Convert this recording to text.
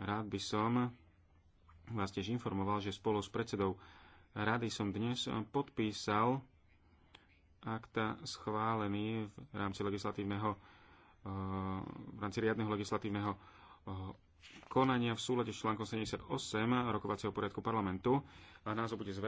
Rád by som vás tiež informoval, že spolu s predsedou rady som dnes podpísal akta schválený v rámci legislatívneho eh, v rámci riadneho legislatívneho eh, konania v súlade s článkom 78 rokovacieho poriadku parlamentu a názov bude